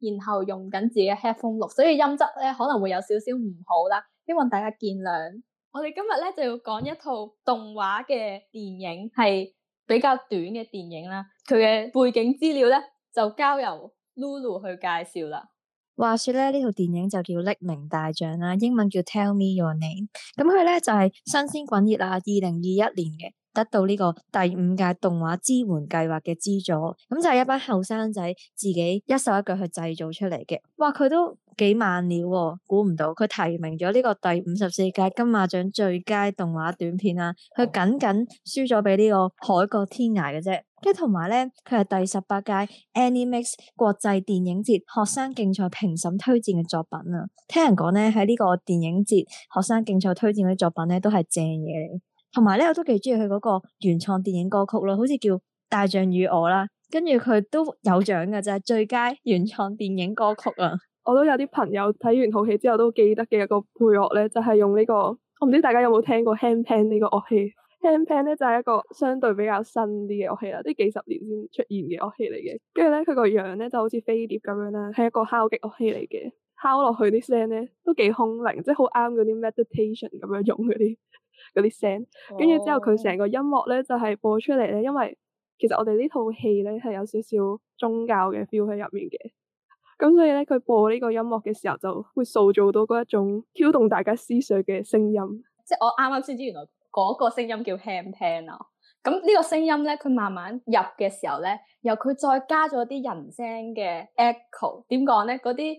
然後用緊自己嘅 headphone 錄，所以音質咧可能會有少少唔好啦，希望大家見諒。我哋今日咧就要講一套動畫嘅電影，係比較短嘅電影啦。佢嘅背景資料咧就交由 Lulu 去介紹啦。話說咧呢套電影就叫《匿名大象》啦，英文叫 Tell Me Your Name。咁佢咧就係新鮮滾熱啦，二零二一年嘅。得到呢個第五屆動畫支援計劃嘅資助，咁就係一班後生仔自己一手一腳去製造出嚟嘅。哇，佢都幾萬了，哦，估唔到佢提名咗呢個第五十四屆金馬獎最佳動畫短片啦，啊。佢僅僅輸咗俾呢個海角天涯嘅啫。跟住同埋咧，佢係第十八屆 Animex 國際電影節學生競賽評審推薦嘅作品啊。聽人講咧，喺呢個電影節學生競賽推薦嗰啲作品咧，都係正嘢嚟。同埋咧，我都幾中意佢嗰個原創電影歌曲咯，好似叫《大象與我》啦。跟住佢都有獎㗎，就係最佳原創電影歌曲啊！我都有啲朋友睇完套戲之後都記得嘅一個配樂咧，就係用呢個，我唔知大家有冇聽過 handpan 呢個樂器？handpan 咧就係一個相對比較新啲嘅樂器啦，啲幾十年先出現嘅樂器嚟嘅。跟住咧，佢個樣咧就好似飛碟咁樣啦，係一個敲擊樂器嚟嘅，敲落去啲聲咧都幾空靈，即係好啱嗰啲 meditation 咁樣用嗰啲。嗰啲聲，跟住之後佢成個音樂咧就係、是、播出嚟咧，因為其實我哋呢套戲咧係有少少宗教嘅 feel 喺入面嘅，咁所以咧佢播呢個音樂嘅時候就會塑造到嗰一種挑動大家思緒嘅聲音。即係我啱啱先知原來嗰個聲音叫 chanting 啊！咁呢個聲音咧佢慢慢入嘅時候咧，由佢再加咗啲人聲嘅 echo，點講咧？嗰啲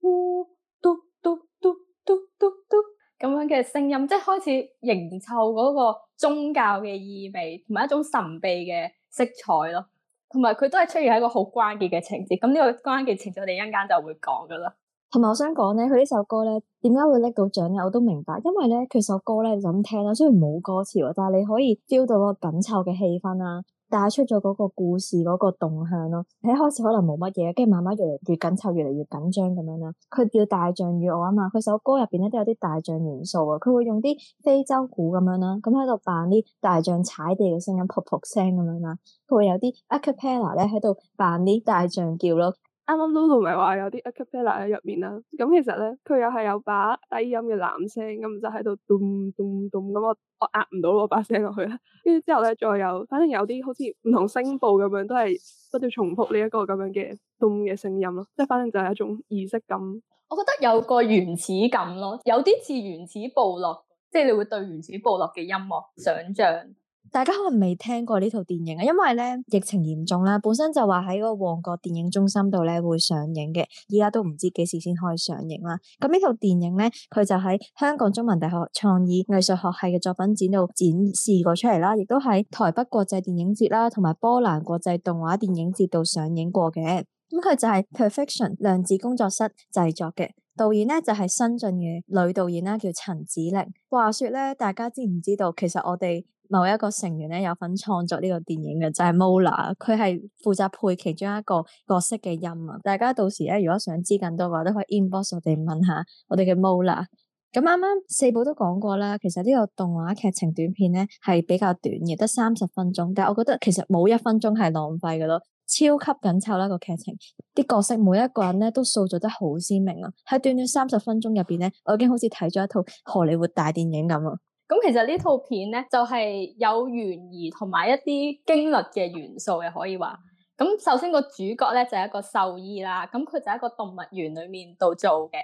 嘟嘟嘟嘟嘟嘟。嘟嘟嘟嘟嘟嘟咁樣嘅聲音，即係開始營湊嗰個宗教嘅意味，同埋一種神秘嘅色彩咯。同埋佢都係出現喺一個好關鍵嘅情節。咁呢個關鍵情節，我哋一陣間就會講噶啦。同埋我想講咧，佢呢首歌咧，點解會拎到獎咧？我都明白，因為咧，佢首歌咧，你咁聽啦，雖然冇歌詞，但係你可以 feel 到嗰個緊湊嘅氣氛啦、啊。帶出咗嗰個故事嗰個動向咯，你一開始可能冇乜嘢，跟住慢慢越嚟越緊湊，越嚟越緊張咁樣啦。佢叫大象與我啊嘛，佢首歌入邊咧都有啲大象元素啊，佢會用啲非洲鼓咁樣啦，咁喺度扮啲大象踩地嘅聲音，噗噗聲咁樣啦，佢會有啲 acapella 咧喺度扮啲大象叫咯。啱啱 Lulu 咪話有啲 acapella 喺入面啦，咁其實咧佢又係有把低音嘅男聲咁就喺度咚咚咚咁，我壓我壓唔到嗰把聲落去啦，跟住之後咧再有，反正有啲好似唔同聲部咁樣，都係不斷重複呢一個咁樣嘅咚嘅聲音咯，即係反正就係一種儀式感，我覺得有個原始感咯，有啲似原始部落，即係你會對原始部落嘅音樂想象。大家可能未聽過呢套電影啊，因為咧疫情嚴重啦，本身就話喺嗰個旺角電影中心度咧會上映嘅，依家都唔知幾時先可以上映啦。咁呢套電影咧，佢就喺香港中文大學創意藝術學系嘅作品展度展示過出嚟啦，亦都喺台北國際電影節啦，同埋波蘭國際動畫電影節度上映過嘅。咁佢就係 Perfection 量子工作室製作嘅，導演咧就係新晉嘅女導演啦，叫陳子玲。話說咧，大家知唔知道，其實我哋？某一個成員咧有份創作呢個電影嘅就係、是、Mola，佢係負責配其中一個角色嘅音啊！大家到時咧如果想知更多嘅話，都可以 inbox 我哋問下我哋嘅 Mola。咁啱啱四寶都講過啦，其實呢個動畫劇情短片咧係比較短嘅，得三十分鐘。但係我覺得其實冇一分鐘係浪費嘅咯，這個、超級緊湊啦個劇情，啲角色每一個人咧都塑造得好鮮明啊！喺短短三十分鐘入邊咧，我已經好似睇咗一套荷里活大電影咁啊！咁其實呢套片咧，就係有懸疑同埋一啲驚慄嘅元素嘅，可以話。咁首先個主角咧就係一個獸醫啦，咁佢就喺個動物園裏面度做嘅。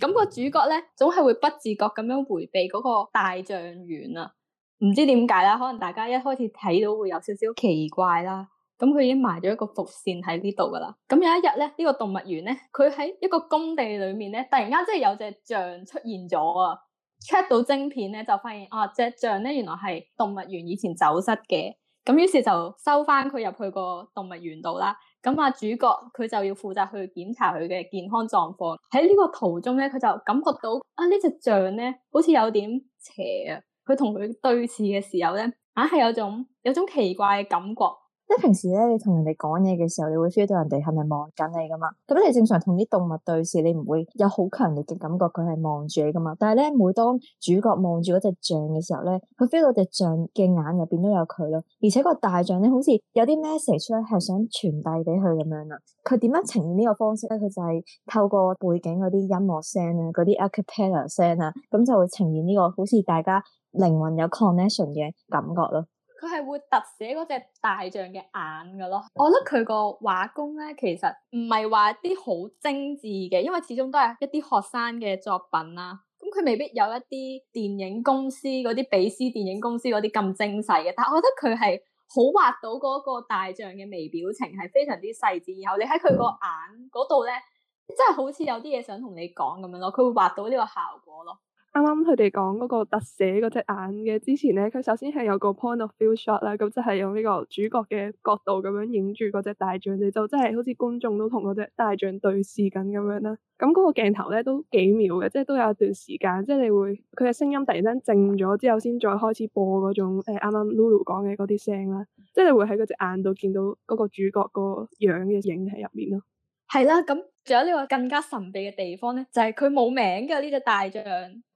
咁個主角咧總係會不自覺咁樣回避嗰個大象園啊，唔知點解啦，可能大家一開始睇到會有少少奇怪啦。咁佢已經埋咗一個伏綫喺呢度噶啦。咁有一日咧，呢個動物園咧，佢喺一個工地裏面咧，突然間即係有隻象出現咗啊！check 到晶片咧，就發現啊，隻、這個、象咧原來係動物園以前走失嘅，咁於是就收翻佢入去個動物園度啦。咁啊，主角佢就要負責去檢查佢嘅健康狀況。喺呢個途中咧，佢就感覺到啊，呢隻象咧好似有點邪啊。佢同佢對視嘅時候咧，啊係有種有種奇怪嘅感覺。即係平時咧，你同人哋講嘢嘅時候，你會 feel 到人哋係咪望緊你噶嘛？咁你正常同啲動物對視，你唔會有好強烈嘅感覺，佢係望住你噶嘛？但係咧，每當主角望住嗰隻象嘅時候咧，佢 feel 到隻象嘅眼入邊都有佢咯。而且個大象咧，好似有啲 message 咧，係想傳遞俾佢咁樣啦。佢點樣呈現呢個方式咧？佢就係透過背景嗰啲音樂聲啊，嗰啲 acapella 聲啊，咁就會呈現呢個好似大家靈魂有 connection 嘅感覺咯。佢係會特寫嗰隻大象嘅眼㗎囉，我覺得佢個畫工呢，其實唔係話啲好精緻嘅，因為始終都係一啲學生嘅作品啦。咁佢未必有一啲電影公司嗰啲彼思電影公司嗰啲咁精細嘅，但係我覺得佢係好畫到嗰個大象嘅微表情係非常之細緻，然後你喺佢個眼嗰度呢，真係好似有啲嘢想同你講咁樣囉，佢會畫到呢個效果囉。啱啱佢哋講嗰個特寫嗰隻眼嘅之前咧，佢首先係有個 point of view shot 啦，咁即係用呢個主角嘅角度咁樣影住嗰隻大象，你就真係好似觀眾都同嗰隻大象對視緊咁樣啦。咁嗰個鏡頭咧都幾妙嘅，即係都有一段時間，即係你會佢嘅聲音突然間靜咗之後，先再開始播嗰種誒啱啱 Lulu 講嘅嗰啲聲啦。即係你會喺嗰隻眼度見到嗰個主角個樣嘅影喺入面咯。係啦、啊，咁仲有呢個更加神秘嘅地方咧，就係佢冇名嘅呢隻大象。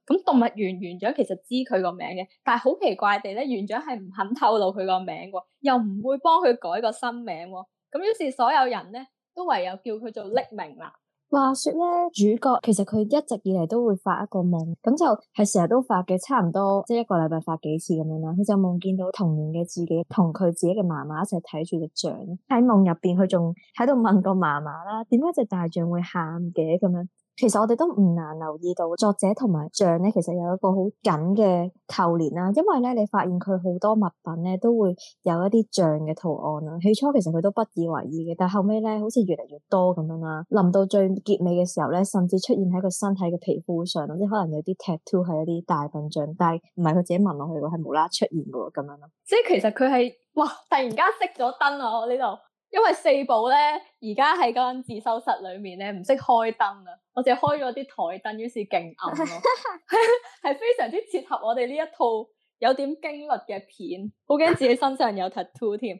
咁動物園園長其實知佢個名嘅，但係好奇怪地咧，園長係唔肯透露佢個名嘅，又唔會幫佢改個新名喎。咁於是所有人咧都唯有叫佢做匿名啦。話說咧，主角其實佢一直以嚟都會發一個夢，咁就係成日都發嘅，差唔多即係一個禮拜發幾次咁樣啦。佢就夢見到童年嘅自己同佢自己嘅媽媽一齊睇住隻象，喺夢入邊佢仲喺度問個媽媽啦：點解隻大象會喊嘅咁樣？其實我哋都唔難留意到作者同埋象咧，其實有一個好緊嘅扣連啦。因為咧，你發現佢好多物品咧都會有一啲象嘅圖案啦。起初其實佢都不以為意嘅，但後尾咧，好似越嚟越多咁樣啦。臨到最結尾嘅時候咧，甚至出現喺佢身體嘅皮膚上，即係可能有啲 tattoo 係一啲大笨象，但係唔係佢自己紋落去嘅，係無啦啦出現嘅喎咁樣咯。即係其實佢係哇，突然間熄咗燈哦呢度。因為四寶咧，而家喺間自修室裏面咧，唔識開燈啊！我只係開咗啲台燈，於是勁暗咯，係 非常之切合我哋呢一套有點驚慄嘅片。好驚自己身上有 tattoo 添。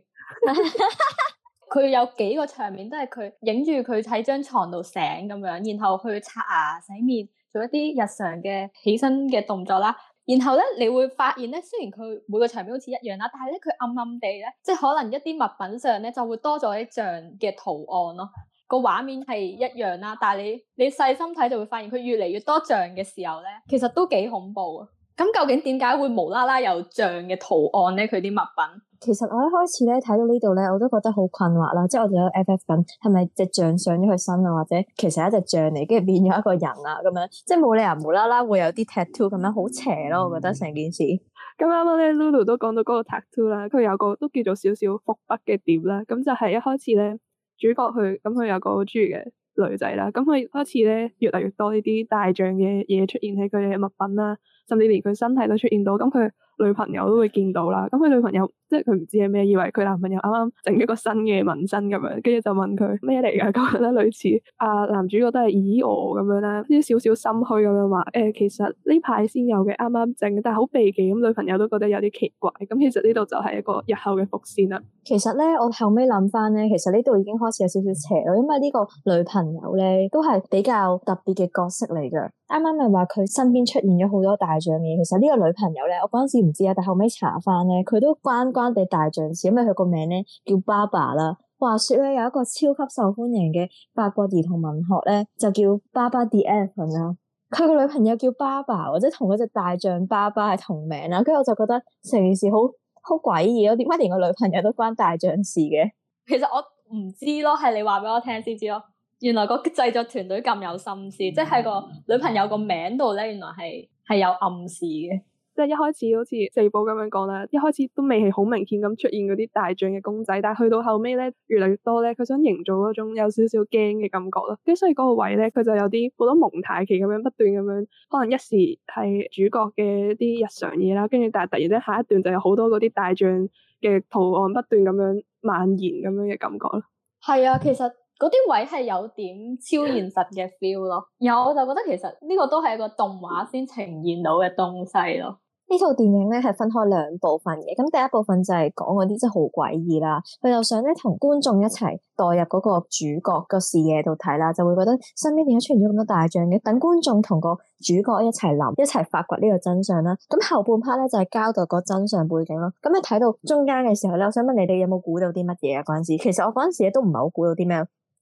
佢有幾個場面都係佢影住佢喺張床度醒咁樣，然後去刷牙、洗面，做一啲日常嘅起身嘅動作啦。然後呢，你會發現呢，雖然佢每個場面好似一樣啦，但係呢，佢暗暗地呢，即可能一啲物品上呢，就會多咗啲象嘅圖案咯。個畫面係一樣啦，但係你你細心睇就會發現，佢越嚟越多象嘅時候呢，其實都幾恐怖。咁究竟點解會無啦啦有象嘅圖案咧？佢啲物品其實我一開始咧睇到呢度咧，我都覺得好困惑啦。即係我仲有 F F 緊，係咪隻象上咗佢身啊？或者其實係一隻象嚟，跟住變咗一個人啊？咁樣即係冇理由無啦啦會有啲 tattoo 咁樣好邪咯。嗯、我覺得成件事咁啱啱咧，Lulu 都講到嗰個 tattoo 啦，佢有個都叫做少少伏筆嘅點啦。咁就係一開始咧，主角佢，咁佢有個好中意嘅女仔啦。咁佢開始咧越嚟越多呢啲大象嘅嘢出現喺佢嘅物品啦。甚至連佢身體都出現到，咁佢女朋友都會見到啦。咁佢女朋友即係佢唔知係咩，以為佢男朋友啱啱整一個新嘅紋身咁樣，跟住就問佢咩嚟噶咁樣咧，那個，類似啊男主角都係咦我咁樣啦，啲少少心虛咁樣話誒，其實呢排先有嘅，啱啱整，但係好避忌。咁女朋友都覺得有啲奇怪。咁其實呢度就係一個日後嘅伏線啦。其實咧，我後尾諗翻咧，其實呢度已經開始有少少邪咯，因為呢個女朋友咧都係比較特別嘅角色嚟嘅。啱啱咪話佢身邊出現咗好多大象嘅嘢，其實呢個女朋友咧，我嗰陣時唔知啊，但後尾查翻咧，佢都關關哋大象事，因為佢個名咧叫巴巴啦。話說咧有一個超級受歡迎嘅法國兒童文學咧，就叫巴巴」。the elephant 佢個女朋友叫巴巴」，或者同嗰隻大象巴巴」係同名啦。跟住我就覺得成件事好好鬼嘢，點解連個女朋友都關大象事嘅？其實我唔知咯，係你話俾我聽先知咯。原來個製作團隊咁有心思，嗯、即係個女朋友個名度咧，原來係係有暗示嘅。即係一開始好似四寶咁樣講啦，一開始都未係好明顯咁出現嗰啲大象嘅公仔，但係去到後尾咧，越嚟越多咧，佢想營造嗰種有少少驚嘅感覺咯。跟住所以嗰個位咧，佢就有啲好多蒙太奇咁樣不斷咁樣，可能一時係主角嘅一啲日常嘢啦，跟住但係突然間下一段就有好多嗰啲大象嘅圖案不斷咁樣蔓延咁樣嘅感覺咯。係啊，其實。嗰啲位係有點超現實嘅 feel 咯，有我就覺得其實呢個都係一個動畫先呈現到嘅東西咯。呢套電影咧係分開兩部分嘅，咁第一部分就係講嗰啲真係好詭異啦，佢就想咧同觀眾一齊代入嗰個主角個視野度睇啦，就會覺得身邊點解出現咗咁多大象嘅？等觀眾同個主角一齊諗，一齊發掘呢個真相啦。咁後半 part 咧就係交代個真相背景咯。咁你睇到中間嘅時候咧，我想問你哋有冇估到啲乜嘢啊？嗰陣時其實我嗰陣時都唔係好估到啲咩。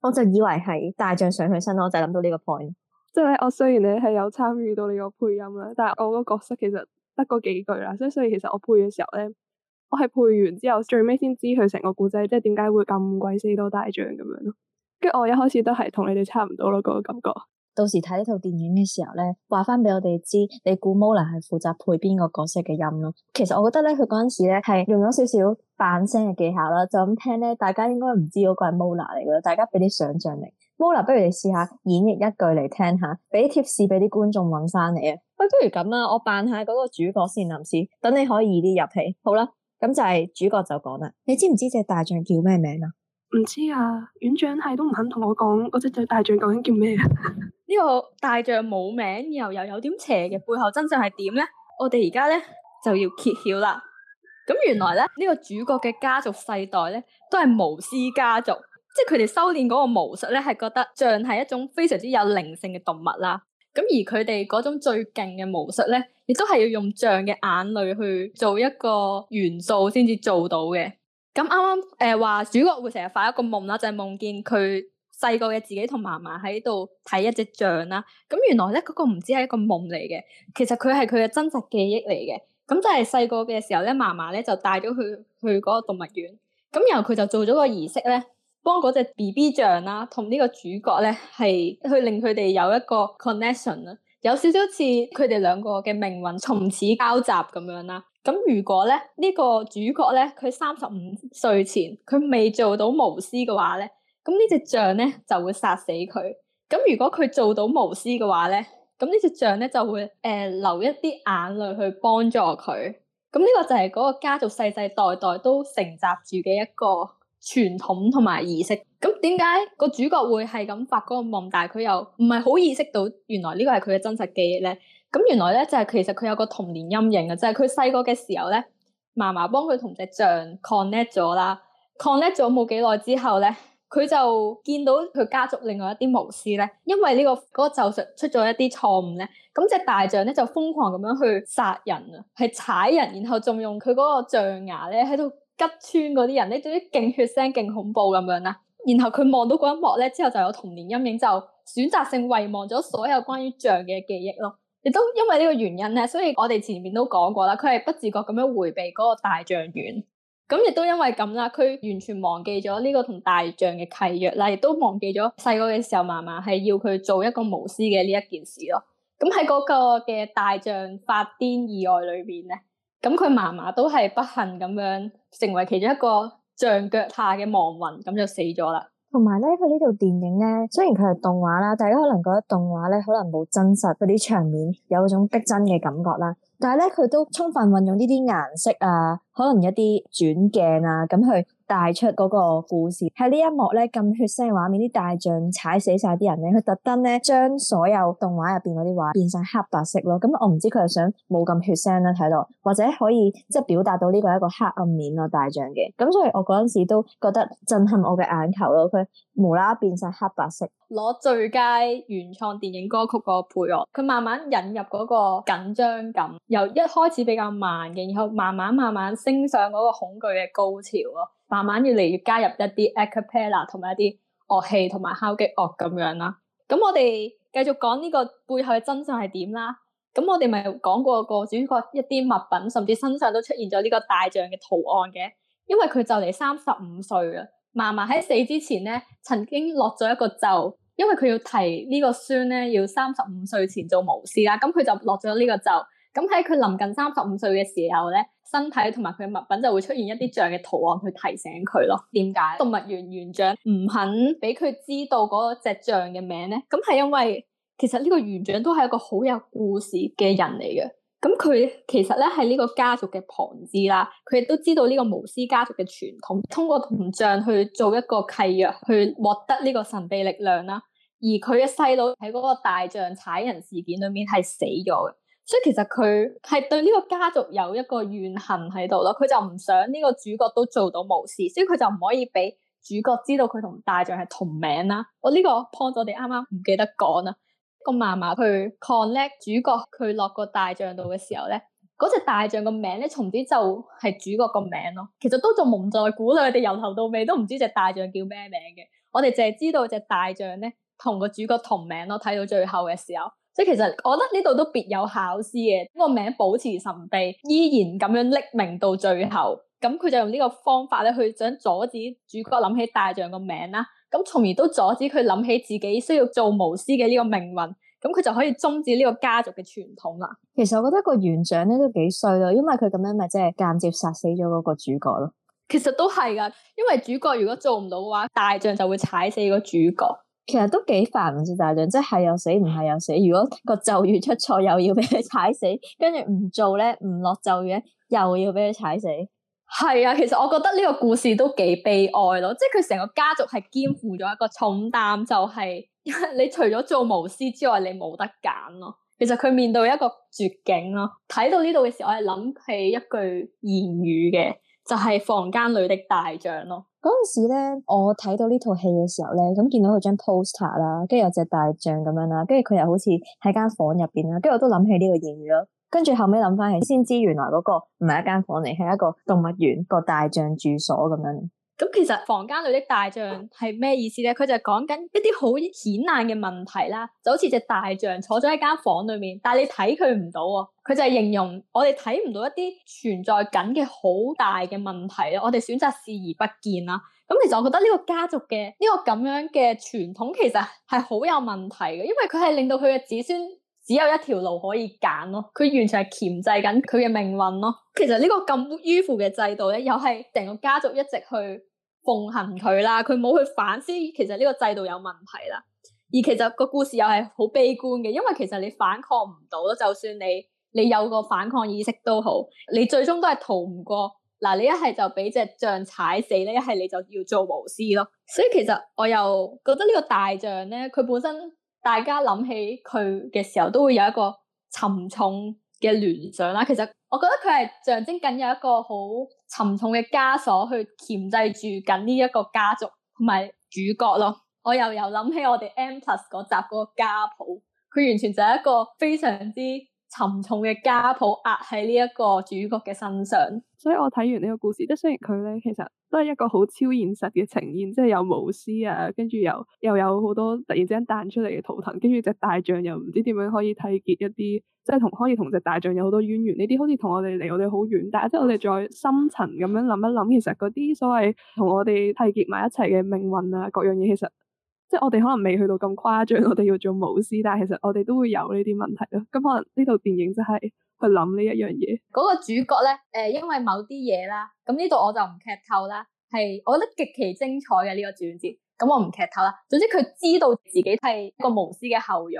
我就以為係大象上去身咯，我就諗到呢個 point。即係咧，我雖然你係有參與到你個配音啦，但係我嗰角色其實得嗰幾句啦，所以所以其實我配嘅時候咧，我係配完之後最尾先知佢成個故仔，即係點解會咁鬼死多大象咁樣咯？跟住我一開始都係同你哋差唔多咯，嗰個感覺。到時睇呢套電影嘅時候咧，話翻俾我哋知，你估 Mola 係負責配邊個角色嘅音咯。其實我覺得咧，佢嗰陣時咧係用咗少少扮聲嘅技巧啦。就咁聽咧，大家應該唔知嗰個係 Mola 嚟嘅，大家俾啲想象力。Mola 不如你試下演繹一句嚟聽下，俾啲貼士俾啲觀眾揾翻你啊。喂，不如咁啊，我扮下嗰個主角先臨，臨時等你可以易啲入戲。好啦，咁就係主角就講啦。你知唔知隻大象叫咩名啊？唔知啊，院長係都唔肯同我講，嗰隻隻大象究竟叫咩啊？呢個大象冇名，又又有點邪嘅背後真相係點咧？我哋而家咧就要揭曉啦。咁原來咧呢，呢個主角嘅家族世代咧都係巫師家族，即係佢哋修煉嗰個巫術咧係覺得象係一種非常之有靈性嘅動物啦。咁而佢哋嗰種最勁嘅巫術咧，亦都係要用象嘅眼淚去做一個元素先至做到嘅。咁啱啱誒話主角會成日發一個夢啦，就係夢見佢細個嘅自己同嫲嫲喺度睇一隻象啦。咁原來咧嗰個唔止係一個夢嚟嘅，其實佢係佢嘅真實記憶嚟嘅。咁就係細個嘅時候咧，嫲嫲咧就帶咗佢去嗰個動物園。咁然後佢就做咗個儀式咧，幫嗰隻 BB 象啦，同呢個主角咧係去令佢哋有一個 connection 啊，有少少似佢哋兩個嘅命運從此交集咁樣啦。咁如果咧呢、這個主角咧，佢三十五歲前佢未做到巫師嘅話咧，咁、這個、呢隻象咧就會殺死佢。咁如果佢做到巫師嘅話咧，咁、這個、呢隻象咧就會誒、呃、流一啲眼淚去幫助佢。咁呢個就係嗰個家族世世代代都承襲住嘅一個傳統同埋儀式。咁點解個主角會係咁發嗰個夢，但係佢又唔係好意識到原來呢個係佢嘅真實記憶咧？咁原來咧就係、是、其實佢有個童年陰影啊，就係佢細個嘅時候咧，嫲嫲幫佢同隻象 connect 咗啦，connect 咗冇幾耐之後咧，佢就見到佢家族另外一啲巫師咧，因為呢、這個嗰、那個咒術出咗一啲錯誤咧，咁隻大象咧就瘋狂咁樣去殺人啊，係踩人，然後仲用佢嗰個象牙咧喺度吉穿嗰啲人，咧啲勁血腥勁恐怖咁樣啦。然後佢望到嗰一幕咧之後，就有童年陰影，就選擇性遺忘咗所有關於象嘅記憶咯。亦都因為呢個原因咧，所以我哋前面都講過啦，佢係不自覺咁樣回避嗰個大象員。咁亦都因為咁啦，佢完全忘記咗呢個同大象嘅契約啦，亦都忘記咗細個嘅時候，嫲嫲係要佢做一個巫師嘅呢一件事咯。咁喺嗰個嘅大象發癲意外裏邊咧，咁佢嫲嫲都係不幸咁樣成為其中一個象腳下嘅亡魂，咁就死咗啦。同埋呢，佢呢套電影呢，雖然佢係動畫啦，大家可能覺得動畫呢可能冇真實嗰啲場面有種逼真嘅感覺啦，但係咧佢都充分運用呢啲顏色啊，可能一啲轉鏡啊，咁去帶出嗰個故事。喺呢一幕咧，咁血腥嘅畫面，啲大象踩死晒啲人咧，佢特登咧將所有動畫入邊嗰啲畫變成黑白色咯。咁我唔知佢係想冇咁血腥啦，睇到或者可以即係表達到呢個一個黑暗面咯，大象嘅。咁所以我嗰陣時都覺得震撼我嘅眼球咯。佢無啦啦變晒黑白色，攞最佳原創電影歌曲個配樂，佢慢慢引入嗰個緊張感，由一開始比較慢嘅，然後慢慢慢慢升上嗰個恐懼嘅高潮咯。慢慢越嚟越加入一啲 acapella 同埋一啲樂器同埋敲擊樂咁樣啦。咁我哋繼續講呢個背後嘅真相係點啦。咁我哋咪講過個主角一啲物品，甚至身上都出現咗呢個大象嘅圖案嘅。因為佢就嚟三十五歲啊，嫲嫲喺死之前咧，曾經落咗一個咒，因為佢要提呢個孫咧，要三十五歲前做巫師啦。咁佢就落咗呢個咒。咁喺佢臨近三十五歲嘅時候咧，身體同埋佢嘅物品就會出現一啲象嘅圖案去提醒佢咯。點解動物園園長唔肯俾佢知道嗰隻象嘅名咧？咁係因為其實，其實呢個園長都係一個好有故事嘅人嚟嘅。咁佢其實咧係呢個家族嘅旁支啦，佢亦都知道呢個巫師家族嘅傳統，通過同象去做一個契約去獲得呢個神秘力量啦。而佢嘅細佬喺嗰個大象踩人事件裏面係死咗嘅。所以其實佢係對呢個家族有一個怨恨喺度咯，佢就唔想呢個主角都做到無事，所以佢就唔可以俾主角知道佢同大象係同名啦。我呢個 point 我哋啱啱唔記得講啦，個嫲嫲佢 connect 主角佢落個大象度嘅時候咧，嗰隻大象個名咧從之就係主角個名咯。其實都仲蒙在鼓裏，我哋由頭到尾都唔知隻大象叫咩名嘅。我哋淨係知道隻大象咧同個主角同名咯。睇到最後嘅時候。即係其實，我覺得呢度都別有巧思嘅。呢個名保持神秘，依然咁樣匿名到最後，咁佢就用呢個方法咧，去想阻止主角諗起大象個名啦。咁從而都阻止佢諗起自己需要做巫師嘅呢個命運。咁佢就可以終止呢個家族嘅傳統啦。其實我覺得個園長咧都幾衰咯，因為佢咁樣咪即係間接殺死咗嗰個主角咯。其實都係噶，因為主角如果做唔到嘅話，大象就會踩死個主角。其實都幾煩，唔知大象，即係又死，唔係又死。如果個咒語出錯，又要俾佢踩死，跟住唔做咧，唔落咒語，又要俾佢踩死。係啊，其實我覺得呢個故事都幾悲哀咯，即係佢成個家族係肩負咗一個重擔，就係、是、 你除咗做巫師之外，你冇得揀咯。其實佢面對一個絕境咯。睇到呢度嘅時候，我係諗起一句諺語嘅，就係、是、房間裏的大象咯。嗰陣時咧，我睇到呢套戲嘅時候咧，咁見到佢張 poster 啦，跟住有隻大象咁樣啦，跟住佢又好似喺間房入邊啦，跟住我都諗起呢個嘢語咯，跟住後尾諗翻起，先知原來嗰個唔係一間房嚟，係一個動物園個大象住所咁樣。咁其實房間裏的大象係咩意思咧？佢就係講緊一啲好顯眼嘅問題啦，就好似隻大象坐咗喺間房裏面，但係你睇佢唔到，佢就係形容我哋睇唔到一啲存在緊嘅好大嘅問題咯，我哋選擇視而不見啦。咁其實我覺得呢個家族嘅呢個咁樣嘅傳統，其實係好有問題嘅，因為佢係令到佢嘅子孫。只有一條路可以揀咯，佢完全係鉗制緊佢嘅命運咯。其實呢個咁迂腐嘅制度咧，又係成個家族一直去奉行佢啦，佢冇去反思其實呢個制度有問題啦。而其實個故事又係好悲觀嘅，因為其實你反抗唔到咯，就算你你有個反抗意識都好，你最終都係逃唔過嗱。你一係就俾隻象踩死咧，一係你就要做巫師咯。所以其實我又覺得呢個大象咧，佢本身。大家諗起佢嘅時候都會有一個沉重嘅聯想啦。其實我覺得佢係象徵緊有一個好沉重嘅枷鎖去鉗制住緊呢一個家族同埋主角咯。我又又諗起我哋 M+ 嗰集嗰個家譜，佢完全就係一個非常之沉重嘅家譜壓喺呢一個主角嘅身上。所以我睇完呢個故事，即雖然佢咧，其實。都係一個好超現實嘅呈現，即係有巫師啊，跟住又又有好多突然之間彈出嚟嘅圖騰，跟住隻大象又唔知點樣可以體結一啲，即係同可以同隻大象有好多淵源。呢啲好似同我哋離我哋好遠，但係即係我哋再深層咁樣諗一諗，其實嗰啲所謂同我哋體結埋一齊嘅命運啊，各樣嘢其實～即我哋可能未去到咁誇張，我哋要做巫師，但係其實我哋都會有呢啲問題咯。咁可能呢套電影就係去諗呢一樣嘢。嗰個主角咧，誒、呃，因為某啲嘢啦，咁呢度我就唔劇透啦。係我覺得極其精彩嘅呢、這個轉折。咁我唔劇透啦。總之佢知道自己係一個巫師嘅後裔。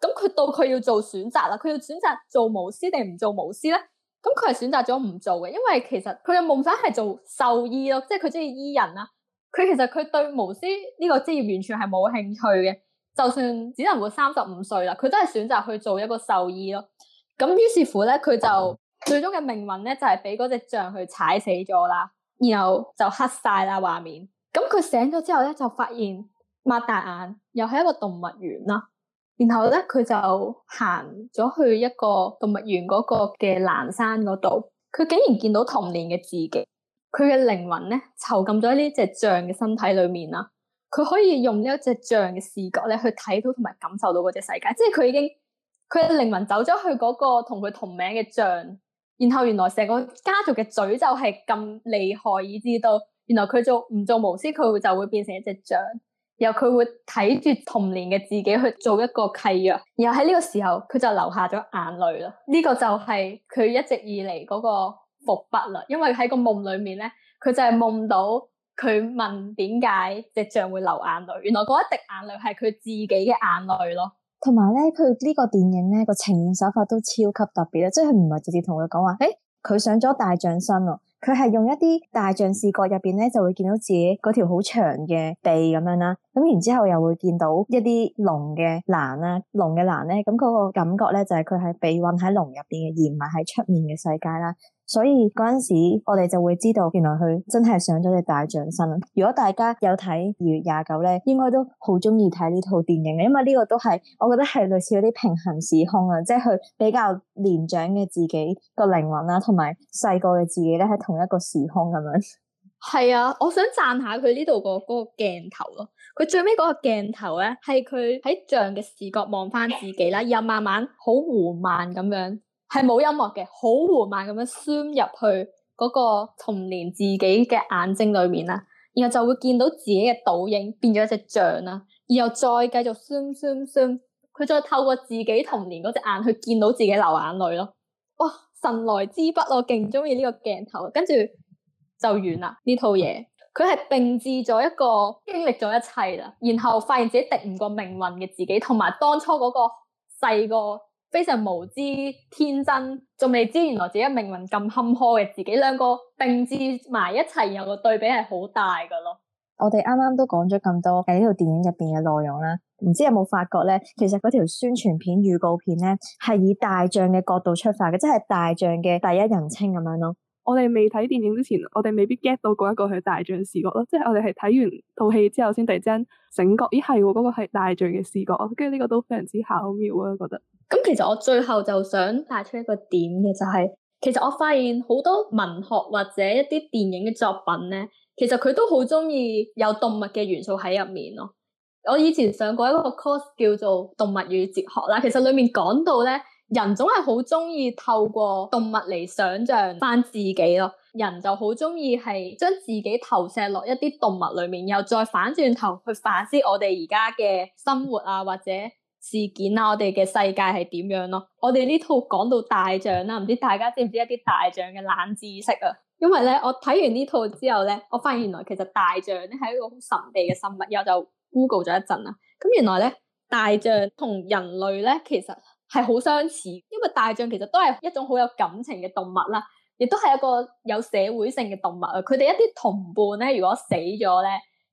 咁佢到佢要做選擇啦，佢要選擇做巫師定唔做巫師咧？咁佢係選擇咗唔做嘅，因為其實佢嘅夢想係做獸醫咯，即係佢中意醫人啦。佢其實佢對巫師呢個職業完全係冇興趣嘅，就算只能活三十五歲啦，佢都係選擇去做一個獸醫咯。咁於是乎咧，佢就最終嘅命運咧就係俾嗰隻象去踩死咗啦，然後就黑晒啦畫面。咁佢醒咗之後咧，就發現擘大眼，又係一個動物園啦。然後咧，佢就行咗去一個動物園嗰個嘅欄山嗰度，佢竟然見到童年嘅自己。佢嘅靈魂咧，囚禁咗喺呢隻象嘅身體裏面啦。佢可以用呢一隻象嘅視覺咧，去睇到同埋感受到嗰隻世界。即係佢已經，佢嘅靈魂走咗去嗰個同佢同名嘅象。然後原來成個家族嘅詛咒係咁厲害，以至到原來佢做唔做巫師，佢就會變成一隻象。然後佢會睇住童年嘅自己去做一個契約。然後喺呢個時候，佢就流下咗眼淚啦。呢個就係佢一直以嚟嗰個。伏筆啦，因為喺個夢裏面咧，佢就係夢到佢問點解隻象會流眼淚，原來嗰一滴眼淚係佢自己嘅眼淚咯。同埋咧，佢呢個電影咧個呈現手法都超級特別啦，即係佢唔係直接同佢講話，誒、欸，佢上咗大象身哦，佢係用一啲大象視角入邊咧就會見到自己嗰條好長嘅鼻咁樣啦，咁然之後又會見到一啲籠嘅欄啦，籠嘅欄咧，咁嗰個感覺咧就係佢係被困喺籠入邊嘅，而唔係喺出面嘅世界啦。所以嗰陣時，我哋就會知道原來佢真係上咗隻大象身。如果大家有睇二月廿九咧，應該都好中意睇呢套電影嘅，因為呢個都係我覺得係類似嗰啲平行時空啊，即係佢比較年長嘅自己個靈魂啦，同埋細個嘅自己咧喺同一個時空咁樣。係啊，我想讚下佢呢度個嗰個鏡頭咯。佢最尾嗰個鏡頭咧，係佢喺象嘅視覺望翻自己啦，又慢慢好緩慢咁樣。係冇音樂嘅，好緩慢咁樣 zoom 入去嗰個童年自己嘅眼睛裏面啦，然後就會見到自己嘅倒影變咗一隻象啦，然後再繼續 zoom zoom zoom，佢再透過自己童年嗰隻眼去見到自己流眼淚咯。哇！神來之筆，我勁中意呢個鏡頭，跟住就完啦呢套嘢。佢係並置咗一個經歷咗一切啦，然後發現自己敵唔過命運嘅自己，同埋當初嗰個細個。非常無知天真，仲未知原來自己命運咁坎坷嘅自己，兩個並置埋一齊，有個對比係好大噶咯。我哋啱啱都講咗咁多喺呢套電影入邊嘅內容啦，唔知有冇發覺咧？其實嗰條宣傳片、預告片咧，係以大象嘅角度出發嘅，即係大象嘅第一人稱咁樣咯。我哋未睇電影之前，我哋未必 get 到嗰一個係大象視覺咯，即係我哋係睇完套戲之後先，突然間醒覺，咦係喎，嗰個係大象嘅視覺咯，跟住呢個都非常之巧妙啊，我覺得。咁其實我最後就想帶出一個點嘅就係，其實我發現好多文學或者一啲電影嘅作品咧，其實佢都好中意有動物嘅元素喺入面咯。我以前上過一個 course 叫做動物與哲學啦，其實裡面講到咧。人總係好中意透過動物嚟想象翻自己咯，人就好中意係將自己投射落一啲動物裏面，又再反轉頭去反思我哋而家嘅生活啊，或者事件啊，我哋嘅世界係點樣咯？我哋呢套講到大象啦、啊，唔知大家知唔知一啲大象嘅冷知識啊？因為咧，我睇完呢套之後咧，我發現原來其實大象咧係一個好神秘嘅生物，又就 Google 咗一陣啦。咁原來咧，大象同人類咧其實。係好相似，因為大象其實都係一種好有感情嘅動物啦，亦都係一個有社會性嘅動物啊。佢哋一啲同伴咧，如果死咗咧，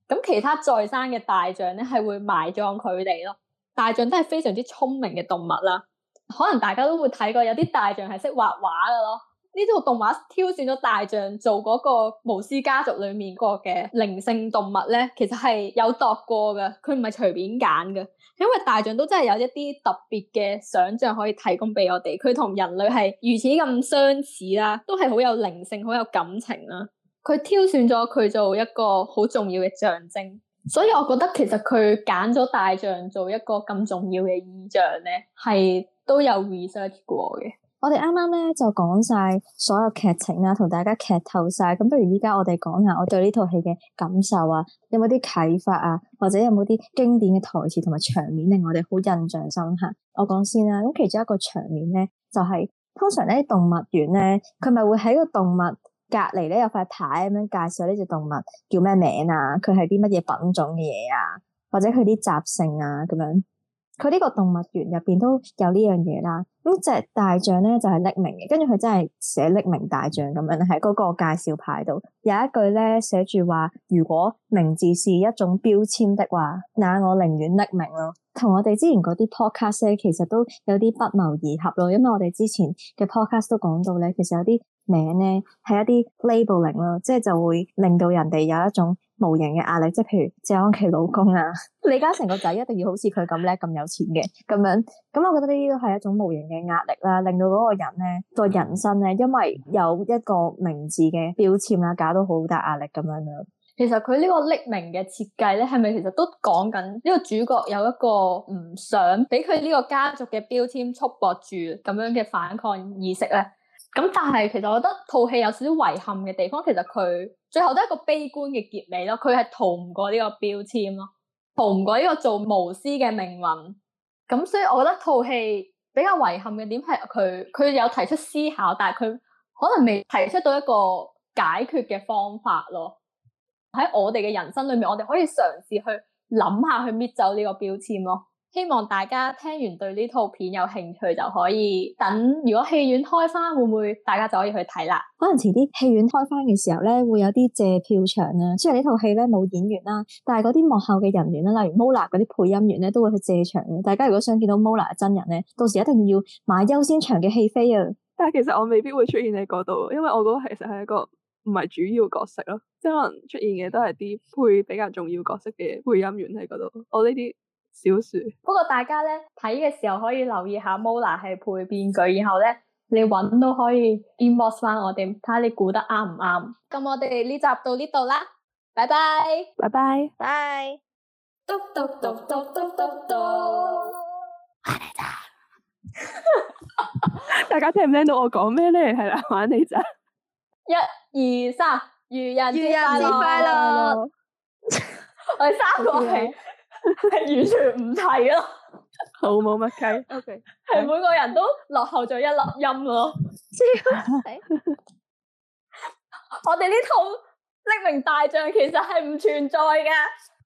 咁其他在生嘅大象咧係會埋葬佢哋咯。大象都係非常之聰明嘅動物啦，可能大家都會睇過有啲大象係識畫畫噶咯。呢套動畫挑選咗大象做嗰個巫師家族裏面個嘅靈性動物咧，其實係有度過噶，佢唔係隨便揀噶。因為大象都真係有一啲特別嘅想象，可以提供俾我哋，佢同人類係如此咁相似啦，都係好有靈性、好有感情啦。佢挑選咗佢做一個好重要嘅象徵，所以我覺得其實佢揀咗大象做一個咁重要嘅意象咧，係都有 research 過嘅。我哋啱啱咧就講晒所有劇情啦，同大家劇透晒。咁不如依家我哋講下我對呢套戲嘅感受啊，有冇啲啟發啊，或者有冇啲經典嘅台詞同埋場面令我哋好印象深刻？我講先啦。咁其中一個場面咧，就係、是、通常咧，動物園咧，佢咪會喺個動物隔籬咧有塊牌咁樣介紹呢隻動物叫咩名啊？佢係啲乜嘢品種嘅嘢啊？或者佢啲習性啊咁樣。佢呢個動物園入邊都有呢樣嘢啦，咁隻大象咧就係匿名嘅，跟住佢真係寫匿名大象咁樣，喺嗰個介紹牌度有一句咧寫住話：如果名字是一種標籤的話，那我寧願匿名咯。同我哋之前嗰啲 podcast 其實都有啲不謀而合咯，因為我哋之前嘅 podcast 都講到咧，其實有啲名咧係一啲 labeling 咯，即係就會令到人哋有一種無形嘅壓力，即係譬如謝安琪老公啊， 李嘉誠個仔，一定要好似佢咁叻、咁有錢嘅咁樣。咁我覺得呢啲都係一種無形嘅壓力啦，令到嗰個人咧個人生咧，因為有一個名字嘅標籤啦，啊，搞到好大壓力咁樣啦。樣，其實佢呢個匿名嘅設計咧，係咪其實都講緊呢個主角有一個唔想俾佢呢個家族嘅標籤束縛住咁樣嘅反抗意識咧？咁但係其實我覺得套戲有少少遺憾嘅地方，其實佢。最後都係一個悲觀嘅結尾咯，佢係逃唔過呢個標籤咯，逃唔過呢個做巫師嘅命運。咁所以我覺得套戲比較遺憾嘅點係佢、佢有提出思考，但係佢可能未提出到一個解決嘅方法咯。喺我哋嘅人生裏面，我哋可以嘗試去諗下去搣走呢個標籤咯。希望大家聽完對呢套片有興趣就可以等。如果戲院開翻，會唔會大家就可以去睇啦？可能遲啲戲院開翻嘅時候咧，會有啲借票場啊。雖然呢套戲咧冇演員啦、啊，但係嗰啲幕後嘅人員啦、啊，例如 Mola 嗰啲配音員咧，都會去借場嘅、啊。大家如果想見到 Mola 真人咧，到時一定要買優先場嘅戲飛啊！但係其實我未必會出現喺嗰度，因為我覺得其實係一個唔係主要角色咯，即係可能出現嘅都係啲配比較重要角色嘅配音員喺嗰度。我呢啲。小說。不過大家咧睇嘅時候可以留意下 Mola 係配邊句，然後咧你揾都可以 inbox 翻我哋，睇下你估得啱唔啱。咁我哋呢集到呢度啦，拜拜，拜拜，拜。嘟嘟嘟嘟嘟嘟嘟，大家聽唔聽到我講咩咧？係啦，玩你咋？ 一二三，愚人愚 人節快樂！ 我哋三個係。 係 完全唔提咯，好冇乜計。O K，係每個人都落後咗一粒音咯。 我哋呢套《匿名大象》其實係唔存在嘅。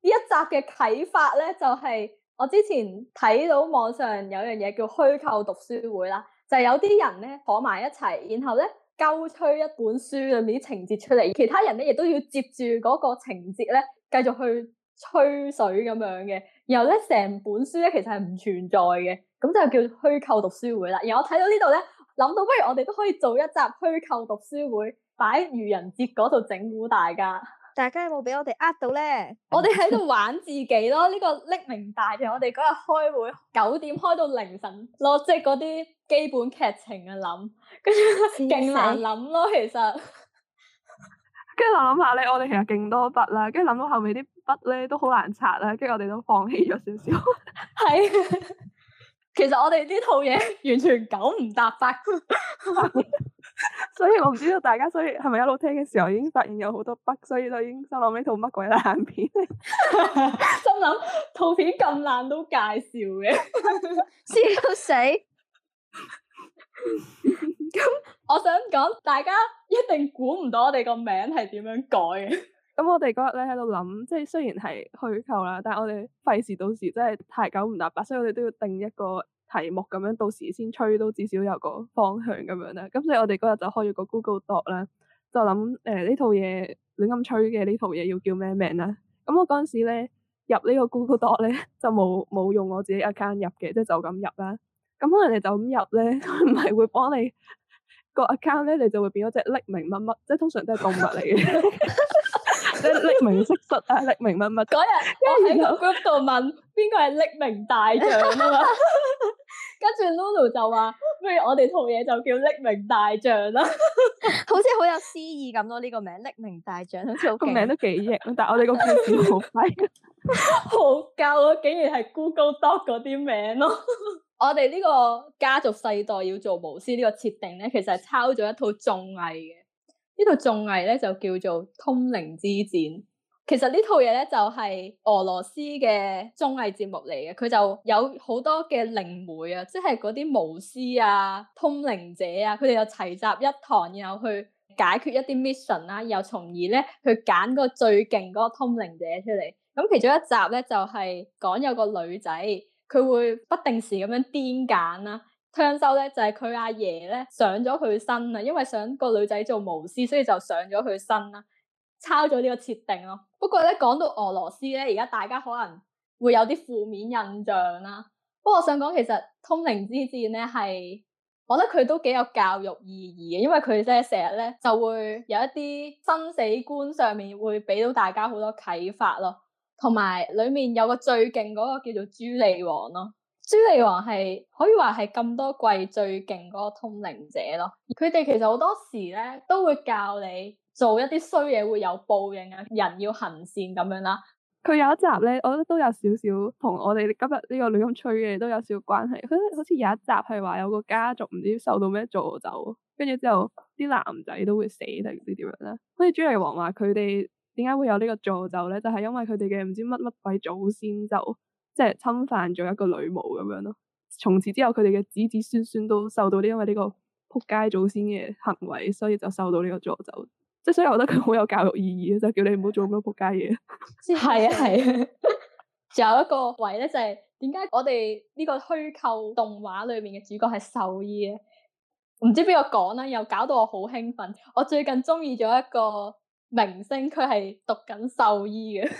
呢一集嘅啟發咧，就係、是、我之前睇到網上有樣嘢叫虛構讀書會啦，就係、是、有啲人咧坐埋一齊，然後咧勾吹一本書裏面啲情節出嚟，其他人咧亦都要接住嗰個情節咧繼續去。吹水咁樣嘅，然後咧成本書咧其實係唔存在嘅，咁就叫虛構讀書會啦。然後我睇到呢度咧，諗到不如我哋都可以做一集虛構讀書會，擺愚人節嗰度整蠱大家。大家有冇俾我哋呃到咧？ 我哋喺度玩自己咯，呢、呢個匿名大，我哋嗰日開會九點開到凌晨落即係嗰啲基本劇情嘅、啊、諗，跟住勁難諗咯，其實。跟住諗諗下咧，我哋其實勁多筆啦，跟住諗到後面啲。筆咧都好難拆啦，跟住我哋都放棄咗少少。係，其實我哋呢套嘢完全九唔搭八噶，所以我唔知道大家所以係咪一路聽嘅時候已經發現有好多筆，所以就已經心諗呢套乜鬼爛片，心諗套片咁爛都介紹嘅，笑死。咁我想講，大家一定估唔到我哋個名係點樣改嘅。咁我哋嗰日咧喺度諗，即係雖然係虛構啦，但係我哋費事到時真係太久唔搭白，所以我哋都要定一個題目咁樣，到時先吹都至少有個方向咁樣啦。咁、嗯、所以我哋嗰日就開咗個 Google Doc 啦，就諗，誒呢套嘢亂咁吹嘅呢套嘢要叫咩名啦。咁、嗯、我嗰陣時咧入個呢個 Google Doc 咧就冇冇用我自己 account 入嘅，即係就咁、是、入啦。咁、嗯、可能你就咁入咧，唔 係會幫你個 account 咧，你就會變咗隻匿名乜乜，即係通常都係動物嚟嘅。匿 名識實啊？匿名乜乜？嗰 日我喺 group 度問邊個係匿名大象啊嘛？跟 住 Lulu 就話：不如我哋套嘢就叫匿名大象啦，啊。 好似好有詩意咁咯，呢、這個名匿名大象，好似好個名都幾型但係我哋個故事好快，啊，好 夠 啊！竟然係 Google Doc 嗰啲名咯，啊。 我哋呢個家族世代要做巫師呢個設定咧，其實係抄咗一套綜藝嘅。呢套綜藝咧就叫做《通靈之戰》，其實呢套嘢咧就係俄羅斯嘅綜藝節目嚟嘅，佢就有好多嘅靈媒啊，即係嗰啲巫師啊、通靈者啊，佢哋又齊集一堂，然後去解決一啲 mission 啦，又從而咧去揀個最勁嗰個通靈者出嚟。咁其中一集咧就係講有個女仔，佢會不定時咁樣癲癇啦。湯修咧就係佢阿爺咧上咗佢身啊，因為想個女仔做巫師，所以就上咗佢身啦，抄咗呢個設定咯。不過咧講到俄羅斯咧，而家大家可能會有啲負面印象啦。不過我想講，其實《通靈之戰》呢咧係，我覺得佢都幾有教育意義嘅，因為佢咧成日咧就會有一啲生死觀上面會俾到大家好多啟發咯。同埋裏面有個最勁嗰個叫做朱利王咯。朱莉王係可以話係咁多季最勁嗰個通靈者咯，佢哋其實好多時咧都會教你做一啲衰嘢會有報應啊，人要行善咁樣啦。佢有一集咧，我覺得都有少少同我哋今日呢個亂咁吹嘅都有少少關係。佢好似有一集係話有個家族唔知，唔知受到咩詛咒，跟住之後啲男仔都會死定唔知點樣啦。好似朱莉王話佢哋點解會有個助呢個詛咒咧？就係、是、因為佢哋嘅唔知乜乜鬼祖先就。即係侵犯咗一個女巫咁樣咯，從此之後佢哋嘅子子孫孫都受到呢、這個，因為呢個仆街祖先嘅行為，所以就受到呢個詛咒。即係所以我覺得佢好有教育意義啊，就叫你唔好做咁多仆街嘢。係啊係啊，仲 有一個位咧就係點解我哋呢個虛構動畫裏面嘅主角係獸醫咧？唔知邊個講啦，又搞到我好興奮。我最近中意咗一個明星，佢係讀緊獸醫嘅。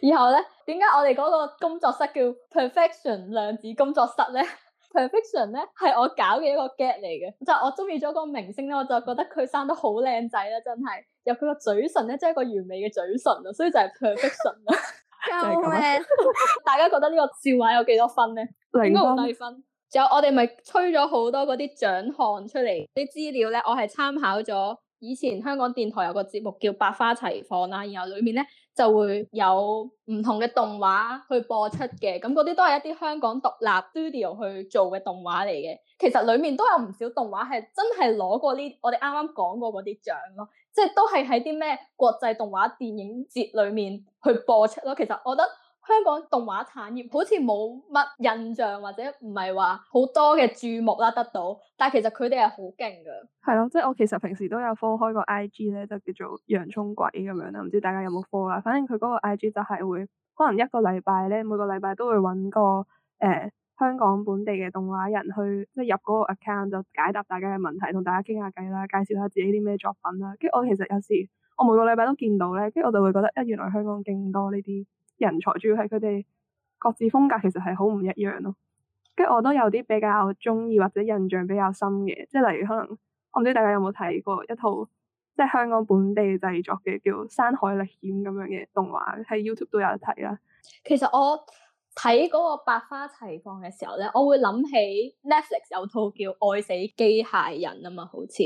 然後咧，點解我哋嗰個工作室叫 Perfection 量子工作室咧 ？Perfection 咧係我搞嘅一個 get 嚟嘅，就我中意咗個明星咧，我就覺得佢生得好靚仔啦，真係，又佢個嘴唇咧，真係個完美嘅嘴唇啊，所以就係 Perfection 啊！ 救命！ 大家覺得呢個笑話有幾多分咧？零分，應該好低分，仲有，我哋咪吹咗好多嗰啲獎項出嚟，啲資料咧，我係參考咗以前香港電台有個節目叫《8花齊放》啦，然後裏面咧。就會有唔同嘅動畫去播出嘅，咁嗰啲都係一啲香港獨立 studio 去做嘅動畫嚟嘅。其實裏面都有唔少動畫係真係攞過呢，我哋啱啱講過嗰啲獎咯，即係都係喺啲咩國際動畫電影節裏面去播出咯。其實我覺得。香港動畫產業好似冇乜印象，或者唔係話好多嘅注目啦，得到。但係其實佢哋係好勁噶，係咯。即係我其實平時都有科 o l 開個 I G 咧，就叫做洋葱鬼咁樣啦。唔知大家有冇科 o 啦？反正佢嗰個 I G 就係會可能一個禮拜咧，每個禮拜都會搵個誒、呃、香港本地嘅動畫人去即係入嗰個 account 就解答大家嘅問題，同大家傾下偈啦，介紹下自己啲咩作品啦。跟住我其實有時我每個禮拜都見到咧，跟住我就會覺得，啊，原來香港勁多呢啲。人才，主要係佢哋各自風格其實係好唔一樣咯，跟住我都有啲比較鍾意或者印象比較深嘅，即係例如可能我唔知大家有冇睇過一套即係香港本地製作嘅叫《山海歷險》咁樣嘅動畫，喺 YouTube 都有得睇啦。其實我睇嗰個八花齊放嘅時候呢，我會諗起 Netflix 有套叫《愛死機械人》啊嘛，好似。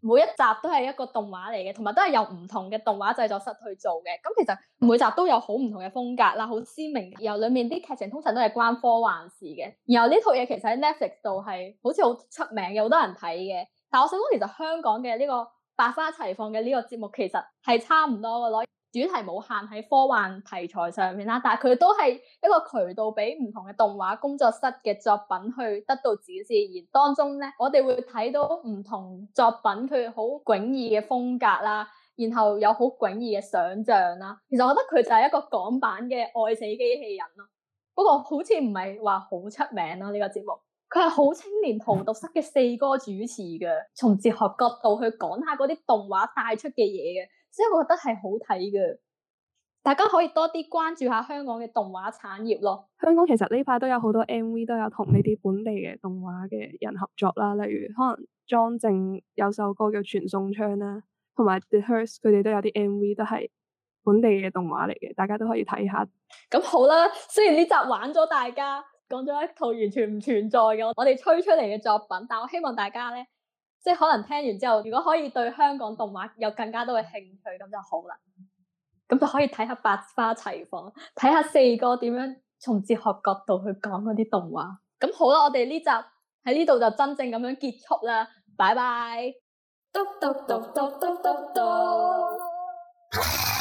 每一集都係一個動畫嚟嘅，同埋都係由唔同嘅動畫製作室去做嘅。咁其實每集都有好唔同嘅風格啦，好鮮明。然後裏面啲劇情通常都係關科幻事嘅。然後呢套嘢其實喺 Netflix 度係好似好出名嘅，好多人睇嘅。但係我想講，其實香港嘅呢個八花齊放嘅呢個節目，其實係差唔多嘅咯。主題冇限喺科幻題材上面啦，但係佢都係一個渠道，俾唔同嘅動畫工作室嘅作品去得到展示。而當中呢，我哋會睇到唔同作品佢好詭異嘅風格啦，然後有好詭異嘅想象啦。其實我覺得佢就係一個港版嘅《愛死機器人》咯。不過好似唔係話好出名咯，啊、呢、這個節目，佢係好青年荼毒室嘅四哥主持嘅，從哲學角度去講下嗰啲動畫帶出嘅嘢嘅。即係我覺得係好睇嘅，大家可以多啲關注下香港嘅動畫產業咯。香港其實呢排都有好多 MV 都有同呢啲本地嘅動畫嘅人合作啦，例如可能莊正有首歌叫《傳送槍》啦，同埋 The Hearse 佢哋都有啲 MV 都係本地嘅動畫嚟嘅，大家都可以睇下。咁好啦，雖然呢集玩咗大家，講咗一套完全唔存在嘅我哋吹出嚟嘅作品，但我希望大家咧。即係可能聽完之後，如果可以對香港動畫有更加多嘅興趣，咁就好啦。咁就可以睇下八花齊放，睇下四個點樣從哲學角度去講嗰啲動畫。咁好啦，我哋呢集喺呢度就真正咁樣結束啦。拜拜。